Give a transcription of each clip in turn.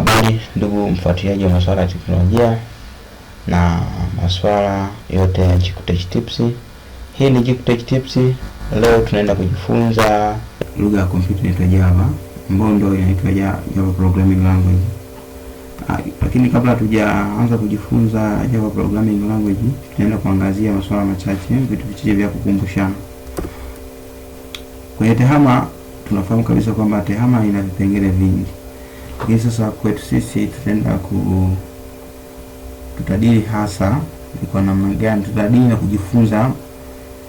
Habari ndugu mfuatiliaji wa masuala ya teknolojia na masuala yote ya Jikutech Tips. Hii ni Jikutech Tips. Leo tunaenda kujifunza lugha ya kompyuta inaitwa Java, mbondo inaitwa Java Programming Language. Ah, lakini kabla tujaanza kujifunza Java Programming Language, tunaenda kuangazia masuala machache, vitu vichache vya kukumbushana. Kwenye tehama tunafahamu kabisa kwamba tehama ina vipengele vingi lakini sasa kwetu sisi tutaenda ku tutadili hasa ni kwa namna gani, tutadili na kujifunza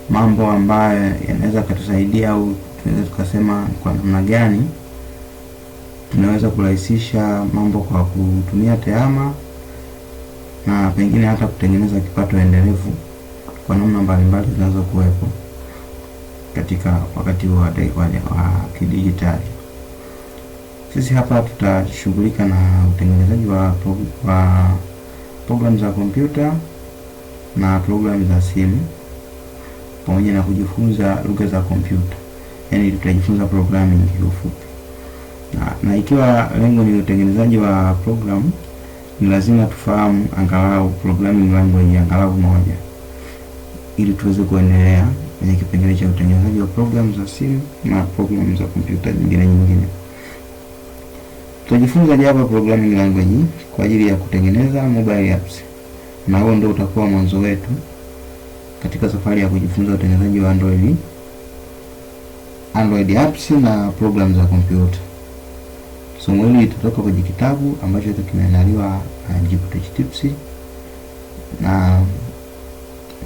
mambo ambayo yanaweza katusaidia au tunaweza tukasema kwa namna gani tunaweza kurahisisha mambo kwa kutumia tehama na pengine hata kutengeneza kipato endelevu kwa namna mbalimbali zinazokuwepo katika wakati wa, wa, wa kidijitali. Sisi hapa tutashughulika na utengenezaji wa, wa programu za kompyuta na programu za simu pamoja na kujifunza lugha za kompyuta, yaani tutajifunza programming kiufupi. Na, na ikiwa lengo ni utengenezaji wa programu, ni lazima tufahamu angalau programming language angalau moja ili tuweze kuendelea kwenye kipengele cha utengenezaji wa programu za simu na programu za kompyuta nyingine nyingine. Tutajifunza Java programming language kwa ajili ya kutengeneza mobile apps, na huo ndio utakuwa mwanzo wetu katika safari ya kujifunza utengenezaji wa Android Android apps na programs za kompyuta. Somo hili litatoka kwenye kitabu ambacho kimeandaliwa na Jikutochi Tips na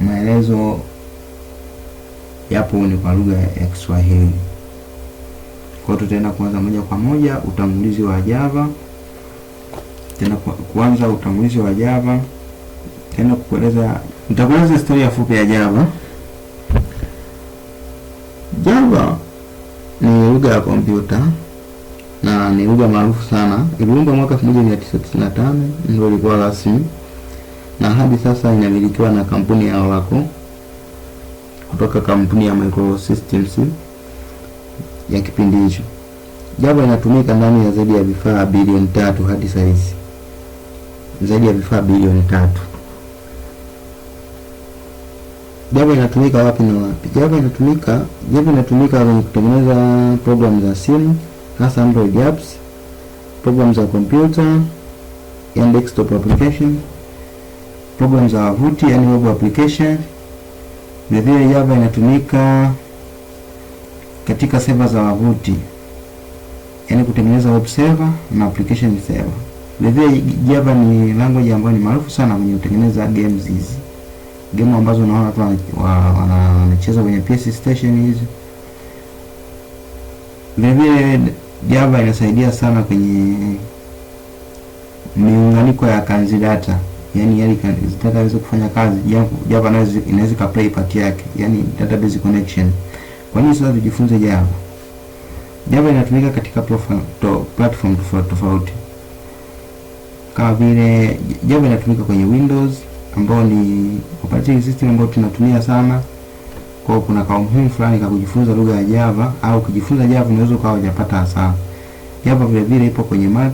maelezo yapo ni kwa lugha ya Kiswahili. Kwa hiyo tutaenda kuanza moja kwa moja utangulizi wa Java, tena kuanza utangulizi wa Java, tena kukueleza, nitakueleza historia fupi ya Java. Java ni lugha ya kompyuta na ni lugha maarufu sana. Iliundwa mwaka 1995 ndio ilikuwa rasmi, na hadi sasa inamilikiwa na kampuni ya Oracle kutoka kampuni ya Microsystems ya kipindi hicho. Java inatumika ndani ya zaidi ya vifaa bilioni tatu hadi saizi, zaidi ya vifaa bilioni tatu. Java inatumika wapi na wapi? Java inatumika Java inatumika kwenye kutengeneza programu za simu hasa Android apps, programu za kompyuta yani desktop application, programu za wavuti yani web application. Vilevile Java inatumika katika seva za wavuti, yaani kutengeneza web server na application server. Vilevile Java ni language ambayo ni maarufu sana kwenye kutengeneza games hizi, game ambazo unaona watu wanacheza kwenye PC station hizi. Vilevile Java inasaidia sana kwenye miunganiko ya kanzi data yani yali database kufanya kazi, Java inaweza ka play part yake, yani database connection. Kwa nini sasa tujifunze Java? Java inatumika katika to, platform tofauti tofauti kama vile Java inatumika kwenye Windows ambao ni operating system ambayo tunatumia sana. Kwa hiyo kuna kaumuhimu fulani ka kujifunza lugha ya Java au kujifunza Java unaweza ukawa hujapata hasara. Java vile vile ipo kwenye Mac.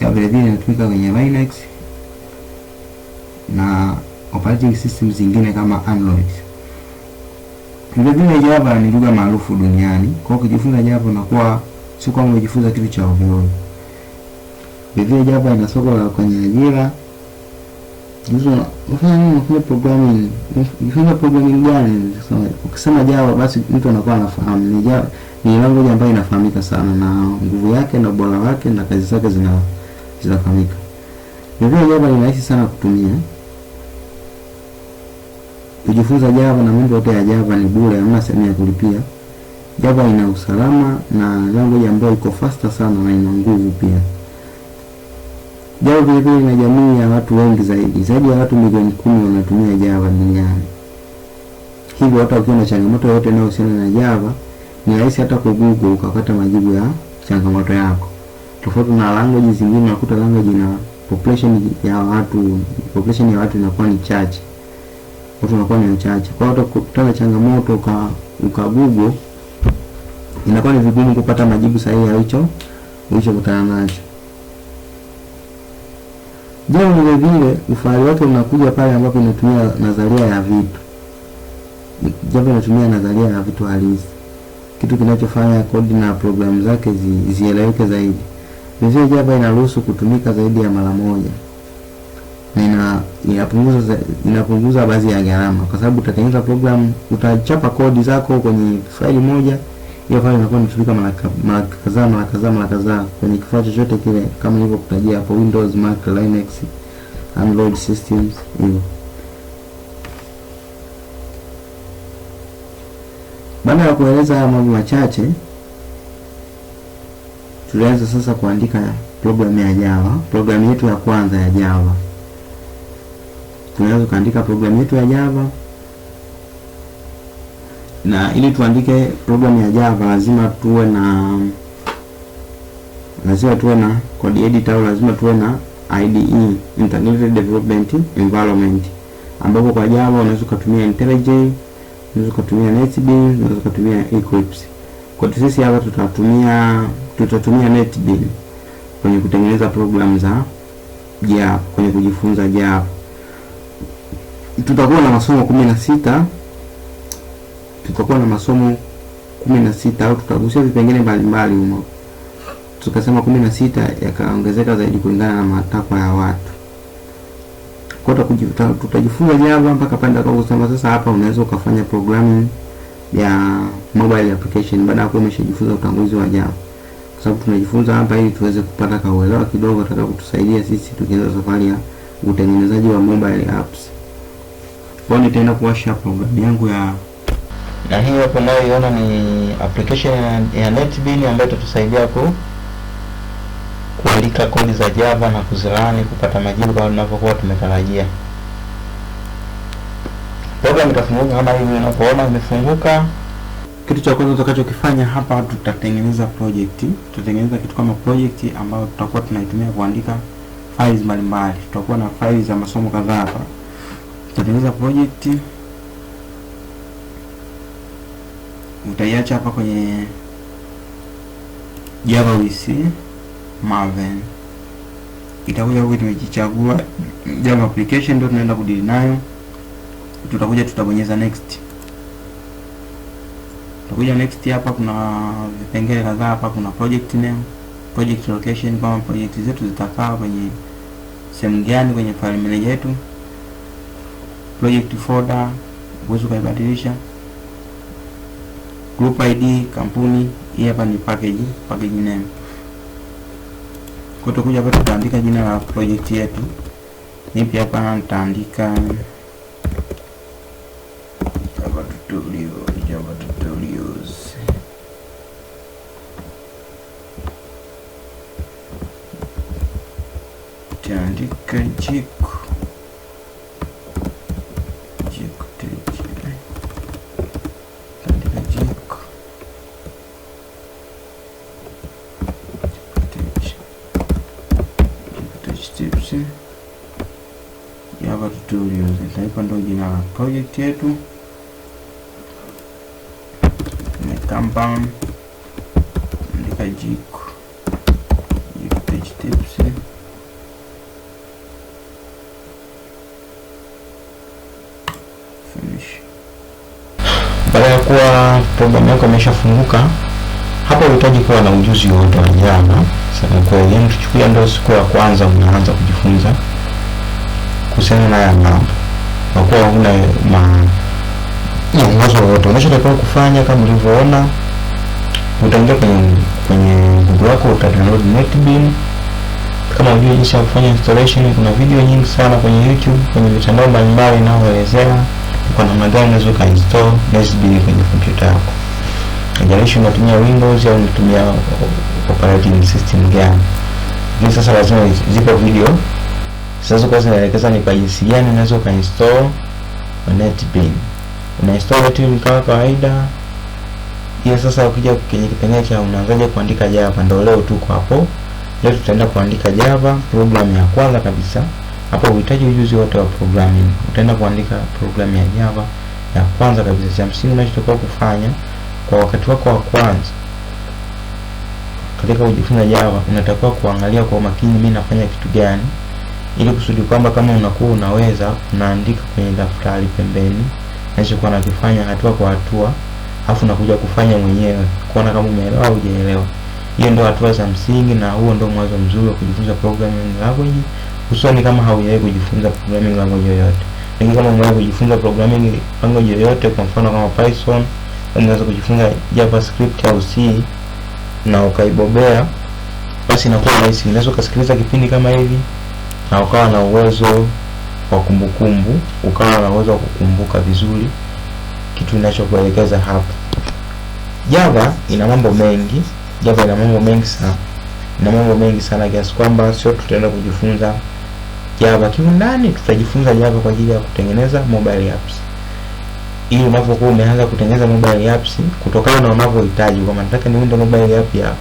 Java vile vile inatumika kwenye Linux na operating system zingine kama Android. Vilevile Java ni lugha maarufu duniani, kwa hiyo ukijifunza Java unakuwa sio kama umejifunza kitu cha ovyo. vile Java ina soko la kwenye ajira. Hizo unafanya nini? Unafanya programming. Unafanya programming gani? Ukisema Java basi mtu anakuwa anafahamu ni Java ni language ambayo inafahamika sana na nguvu yake na ubora wake na kazi zake zina zinafahamika. vile Java ni rahisi sana kutumia. Kujifunza Java na mambo yote ya Java ni bure, hamna sehemu ya kulipia. Java ina usalama na language ambayo iko faster sana na ina nguvu pia. Java vile vile ina jamii ya watu wengi zaidi, zaidi ya watu milioni kumi wanatumia Java duniani. Hivyo hata ukiwa na changamoto yoyote inayohusiana na Java ni rahisi hata ku Google ukapata majibu ya changamoto yako, tofauti na language zingine. Unakuta language ina population ya watu population ya watu inakuwa ni chache watu wanakuwa ni wachache. Kwa hiyo utakutana changamoto uka, uka Google inakuwa ni vigumu kupata majibu sahihi ya hicho ulichokutana nacho. Jambo vile vile ufahari wake unakuja pale ambapo inatumia nadharia ya vitu. Jambo inatumia nadharia ya vitu halisi, kitu kinachofanya kodi na programu zake zieleweke zaidi. Vile Java inaruhusu kutumika zaidi ya mara moja na ina, inapunguza inapunguza baadhi ya gharama, kwa sababu utatengeneza program, utachapa kodi zako kwenye faili moja, hiyo faili inakuwa inatumika mara kadhaa mara kadhaa mara kadhaa kwenye kifaa chochote kile, kama hivyo kutajia hapo, Windows, Mac, Linux, Android systems hiyo. Baada ya kueleza haya mambo machache, tulianza sasa kuandika programu ya Java, programu yetu ya kwanza ya Java tunaweza kuandika program yetu ya Java, na ili tuandike programu ya Java lazima tuwe na lazima tuwe na code editor au lazima tuwe na IDE, integrated development environment, ambapo kwa Java unaweza ukatumia IntelliJ, unaweza kutumia NetBeans, unaweza kutumia Eclipse. Kwa hiyo sisi hapa tutatumia tutatumia NetBeans kwenye kutengeneza programu za Java, kwenye kujifunza Java tutakuwa na masomo kumi na sita tutakuwa na masomo kumi na sita au tutagusia vipengele mbalimbali humo, tukasema kumi na sita yakaongezeka zaidi kulingana na matakwa ya watu. Kwa tutajifunza Java mpaka panda kwa kusema sasa, hapa unaweza ukafanya programming ya mobile application baada ya kuwa umeshajifunza utangulizi wa Java, kwa sababu tunajifunza hapa ili tuweze kupata kauelewa kidogo kutusaidia sisi tukianza safari ya utengenezaji wa mobile apps. Kwa hiyo nitaenda kuwasha programu yangu ya na hii hapo iona ni application ya, ya ambayo itatusaidia ku kuandika kodi za Java na kuzirani kupata majibu kama tunavyokuwa tumetarajia. Program itafunguka kama hivi unapoona imefunguka. Kitu cha kwanza tutakachokifanya hapa, tutatengeneza project. Tutatengeneza kitu kama project ambayo tutakuwa tunaitumia kuandika files mbalimbali. Tutakuwa na files za masomo kadhaa hapa utatengeneza project utaiacha hapa kwenye Java WC e Maven, itakuja huko, tumejichagua Java application, ndio tunaenda kudili nayo. Tutakuja tutabonyeza next, tutakuja next. Hapa kuna vipengele kadhaa, hapa kuna project name, project location, kama project zetu zitakaa kwenye sehemu gani kwenye file manager yetu project folder uwezo ukaibadilisha. Group ID kampuni, hii hapa ni package, package name. Kwa tutakuja hapa tutaandika jina la project yetu. Nipi hapa nitaandika steps Java tutorials. Nitaipa ndo jina la project yetu Kanban, andika jiko page tips, finish. Baada ya kuwa programu yako imeshafunguka, hapo, unahitaji kuwa na ujuzi wote wa Java sasa kwa yaani hiyo tuchukulia ndio siku ya kwanza unaanza kujifunza kuhusiana na haya mambo, kwa kuwa huna mwongozo wowote. Unachotakiwa kufanya kama ulivyoona, utaingia kwenye kwenye Google yako download NetBeans. Kama unajua jinsi ya kufanya installation, kuna video nyingi sana kwenye YouTube, kwenye mitandao mbalimbali inayoelezea kwa namna gani unaweza ukainstall NetBeans kwenye kompyuta yako haijalishi unatumia Windows au unatumia operating system gani. Lakini sasa lazima zipo video sasa, zinazokuwa zinaelekeza ni kwa jinsi gani unaweza ukainstall NetBeans. Unainstall tu kama kawaida hiyo. Sasa ukija kwenye kipengele cha unaanzaje kuandika Java, ndio leo tuko hapo. Leo tutaenda kuandika Java program ya kwanza kabisa. Hapo uhitaji ujuzi wote wa programming. Utaenda kuandika program ya Java ya kwanza kabisa. Cha msingi unachotakiwa kufanya kwa wakati wako wa kwanza katika kujifunza Java, unatakiwa kuangalia kwa makini mimi nafanya kitu gani, ili kusudi kwamba kama unakuwa unaweza unaandika kwenye daftari pembeni nachokuwa nakifanya hatua kwa hatua, afu nakuja kufanya mwenyewe kuona kama umeelewa au hujaelewa. Hiyo ndio hatua za msingi, na huo ndio mwanzo mzuri wa kujifunza programming language, hususan kama haujawahi kujifunza programming language yoyote. Lakini kama umewahi kujifunza programming language yoyote, kwa mfano kama Python unaweza kujifunza JavaScript au C na ukaibobea, basi inakuwa rahisi. Unaweza ukasikiliza kipindi kama hivi na ukawa na uwezo wa kumbukumbu, ukawa na uwezo wa kukumbuka vizuri kitu ninachokuelekeza hapa. Java ina mambo mengi, Java ina mambo mengi sana, ina mambo mengi sana kiasi kwamba sio tutaenda kujifunza Java kiundani, tutajifunza Java kwa ajili ya kutengeneza mobile apps ili unapokuwa umeanza kutengeneza mobile apps kutokana na unavyohitaji, kama nataka niunde mobile app ya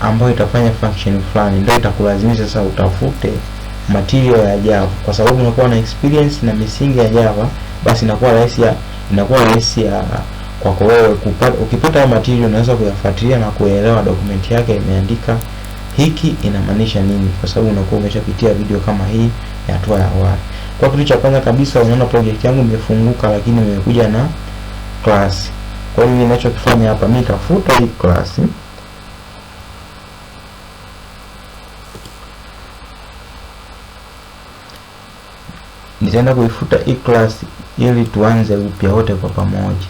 ambayo itafanya function fulani, ndio itakulazimisha sasa utafute material ya Java, kwa sababu unakuwa na experience na misingi ya Java, basi inakuwa rahisi ya inakuwa rahisi ya kwako wewe kupata. Ukipata hayo material, unaweza kuyafuatilia na kuelewa document yake imeandika hiki inamaanisha nini, kwa sababu unakuwa umeshapitia video kama hii ya hatua ya awali. Kwa kitu cha kwanza kabisa unaona project yangu imefunguka lakini imekuja na class. Kwa hiyo ninachokifanya hapa mimi nitafuta hii class. Nitaenda kuifuta hii class ili tuanze upya wote kwa pamoja.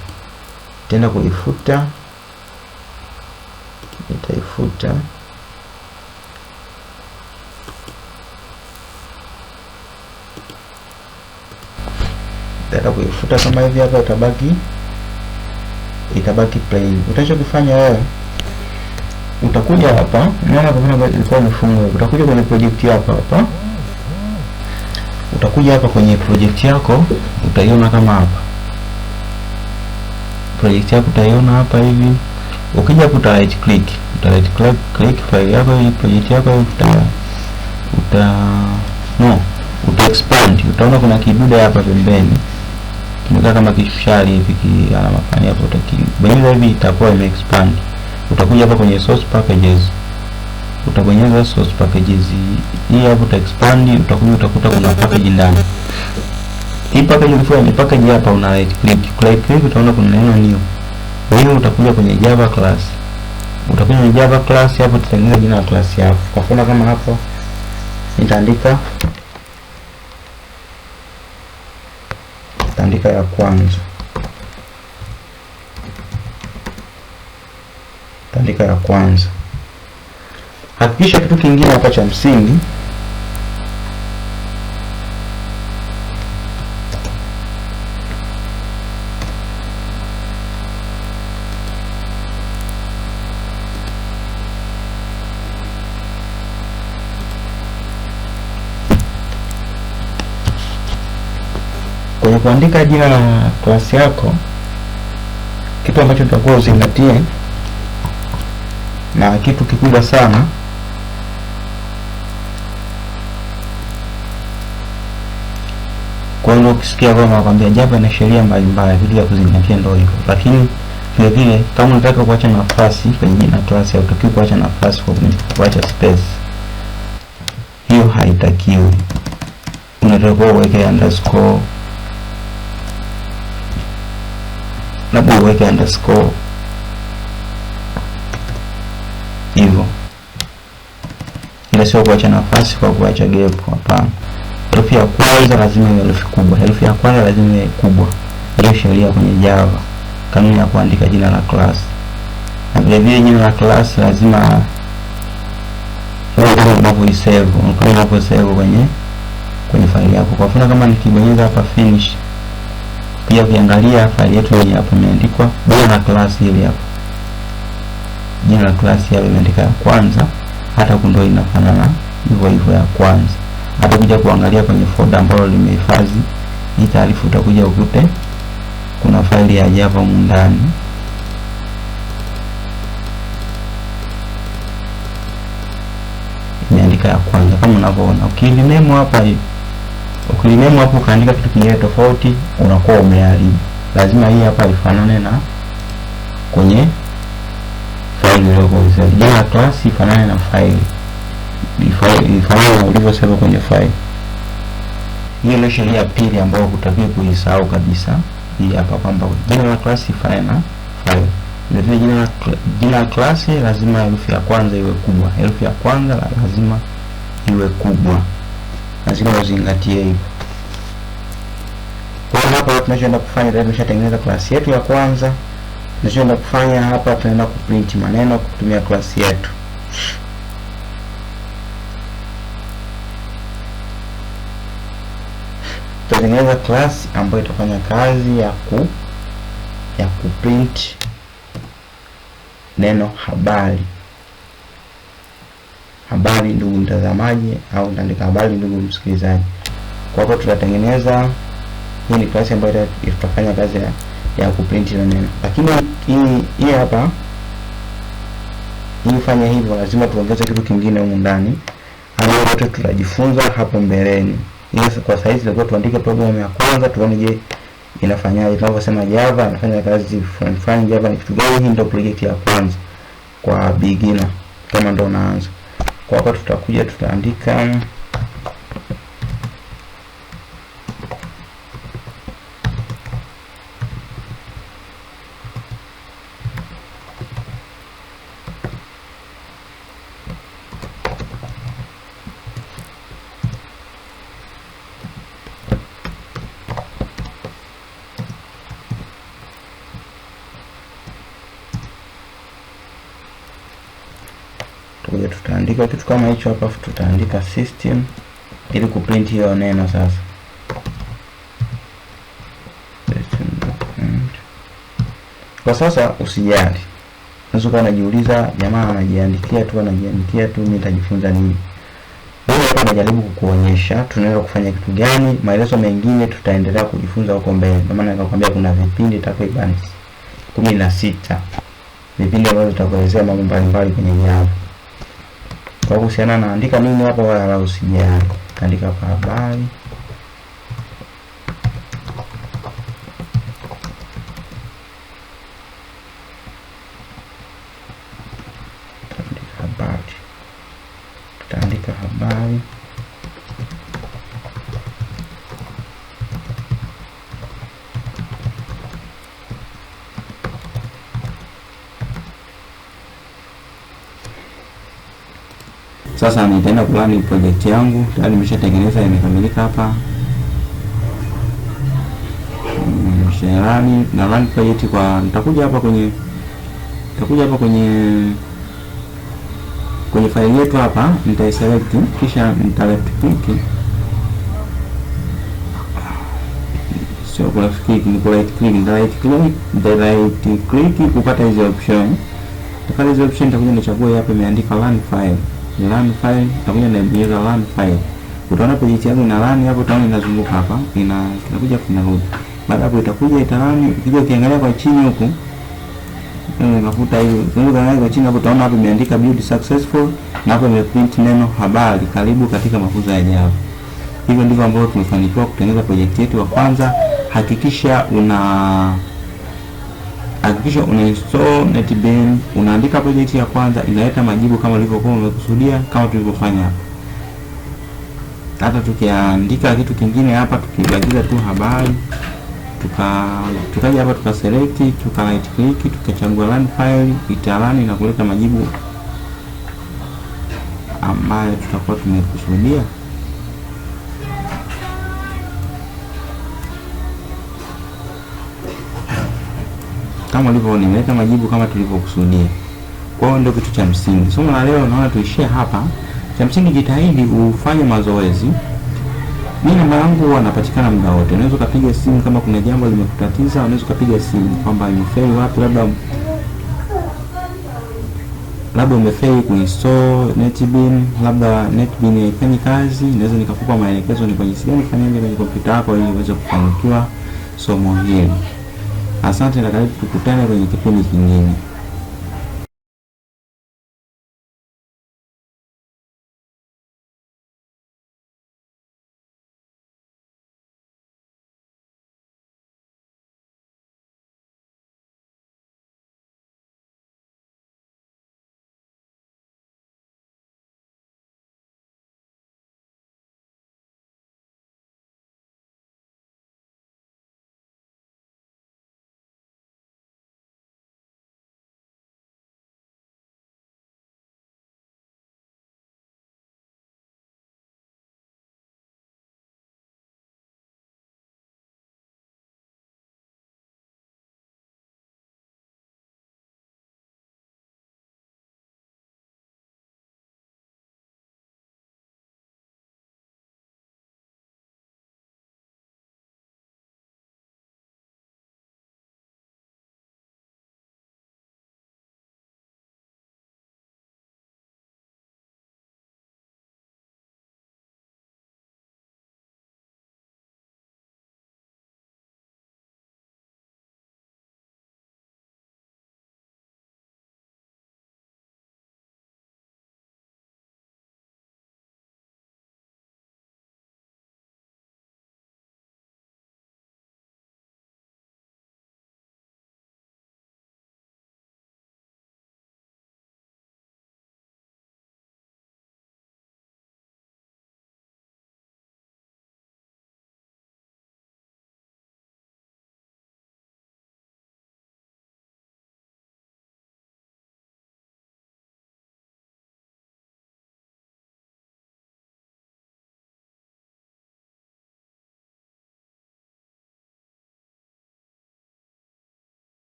Nitaenda kuifuta. Nitaifuta. utaenda kuifuta kama hivi hapa, utabaki itabaki plain. Utachokifanya wewe utakuja hapa, unaona kwa vile ilikuwa imefungwa, utakuja kwenye project yako hapa, utakuja hapa kwenye project yako, utaiona kama hapa project yako utaiona hapa hivi. Ukija kuta right click, uta right click, click file yako hii project yako uta uta no uta expand, utaona kuna kidude hapa pembeni Mwaka kama kishari hivi ki alama fulani hapo utakibonyeza hivi itakuwa ime expand. Utakuja hapa kwenye source packages. Utabonyeza source packages hii hapo uta expand, utakuja utakuta kuna package ndani. Hii package ilikuwa ni package hapa una right click. Right click utaona kuna neno new. Kwa hiyo utakuja kwenye Java class. Utakuja kwenye Java class hapo, tutatengeneza jina la class yako. Kwa mfano kama hapo nitaandika nitaandika ya kwanza, nitaandika ya kwanza. Hakikisha kitu kingine hapa cha msingi kuandika jina la klasi yako, kitu ambacho tutakuwa uzingatie na kitu kikubwa sana kwa hiyo ukisikia kwamba nakwambia Java ina sheria mbalimbali, vitu vya kuzingatia ndio hivyo, lakini vile vile kama unataka kuacha nafasi kwenye jina klasi, hautakiwi kuacha nafasi kwa kuacha space, hiyo haitakiwi. Unatakiwa uweke underscore labda uweke underscore hivyo, ila sio kuacha nafasi kwa kuacha gap. Hapana, herufi ya kwanza lazima iwe herufi kubwa, herufi ya kwanza lazima iwe kubwa. Ndio sheria kwenye Java, kanuni ya kuandika jina la class. Na vile vile jina la class lazima unavyoisave, unavyoisave kwenye kwenye faili yako. Kwa mfano kama nikibonyeza hapa finish pia ukiangalia faili yetu yenye hapo imeandikwa bila na class ile hapo. Jina la class ile imeandika ya kwanza, hata kundo inafanana hivyo hivyo ya kwanza. Hata kuja kuangalia kwenye folder ambalo limehifadhi hii taarifa, utakuja ukute kuna faili ya Java mundani ndani. Imeandika ya kwanza kama unavyoona. Ukilinemo hapa hivi ukilinemu hapo ukaandika kitu kingine tofauti unakuwa umeharibu. Lazima hii hapa ifanane na kwenye faili ile kwa Jina ya klasi ifanane na faili, ifanane na ulivyosema kwenye faili. Hiyo ndio sheria ya pili ambayo hutakiwi kuisahau kabisa, hii hapa kwamba jina la class ifanane na faili. Vile vile jina la jina la klasi lazima herufi ya kwanza iwe kubwa, herufi ya kwanza lazima iwe kubwa lazima wazingatie hivyo. Kwa hiyo hapa tunachoenda kufanya tayari tumeshatengeneza klasi yetu ya kwanza. Tunachoenda kufanya hapa, tunaenda kuprint maneno kutumia klasi yetu. Tutatengeneza klasi ambayo itafanya kazi ya ku ya kuprint neno habari. Habari ndugu mtazamaji, au ndandika habari ndugu msikilizaji. Kwa hapo tutatengeneza, hii ni klasi ambayo tutafanya kazi ya, ya kuprint ile neno, lakini hii hii hapa hii fanya hivyo, lazima tuongeze kitu kingine humu ndani, ambayo wote tutajifunza hapo mbeleni. Yes, kwa saizi ndio tuandike program ya kwanza, tuone je inafanyaje, tunaposema Java inafanya kazi fulani fulani, Java ni kitu gani? Hii ndio project ya kwanza kwa beginner, kama ndo unaanza kwa hapa tutakuja tutaandika kama hicho hapa, tutaandika system ili kuprint hiyo neno sasa kwa sasa usijali. Unaweza kuwa unajiuliza jamaa anajiandikia tu anajiandikia tu, mimi nitajifunza nini? Mimi hapa najaribu kukuonyesha tunaweza kufanya kitu gani. Maelezo mengine tutaendelea kujifunza huko mbele, kwa maana nikakwambia kuna vipindi takriban 16 vipindi ambavyo tutakuelezea mambo mbalimbali kwenye Java kwa kuhusiana na andika nini hapa, wala usijali, andika kwa habari ambayo project yangu tayari nimeshatengeneza, imekamilika hapa sherani na run project kwa, nitakuja hapa kwenye nitakuja hapa kwenye kwenye faili yetu hapa, nitaiselect kisha nita left click, sio ku left click, ni right click, nita right click, the right click kupata hizo option. Nitapata hizo option, nitakuja nichague hapa imeandika run file run file utakuja na bonyeza run file, utaona page yangu ina run hapo, utaona inazunguka hapa, ina inakuja kunarudi. Baada hapo itakuja itarani, ukija ukiangalia kwa chini huku unakuta hivi zunguka nayo kwa chini hapo, utaona hapo imeandika build successful, na hapo imeprint neno habari, karibu katika mafunzo ya Java. Hivyo ndivyo ambavyo tumefanikiwa kutengeneza project yetu ya kwanza. Hakikisha una hakikisha unainstall NetBeans, unaandika project ya kwanza, inaleta majibu kama ulivyokuwa umekusudia, kama tulivyofanya hapa. Hata tukiandika kitu kingine hapa, tukiagiza tu habari, tuka tukaja hapa tuka select, tuka right click, tukachagua run file, italani na kuleta majibu ambayo tutakuwa tumekusudia. kama ulivyo nimeleta majibu kama tulivyokusudia. Kwa hiyo ndio kitu cha msingi. Somo la leo naona tuishie hapa. Cha msingi, jitahidi ufanye mazoezi. Mimi namba yangu huwa muda wote. Unaweza kupiga simu kama kuna jambo limekutatiza, unaweza kupiga simu kwamba umefeli wapi, labda labda umefeli kuinstall NetBeans, labda NetBeans haifanyi kazi, naweza nikakupa maelekezo ni kwa jinsi gani kufanyaje kwenye kompyuta yako ili uweze kufanikiwa somo hili. Asante na karibu tukutane kwenye kipindi kingine.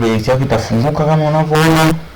ഉപയോഗിച്ചാൽ ടസിലൊക്കെ കാണാൻ പോകുന്നു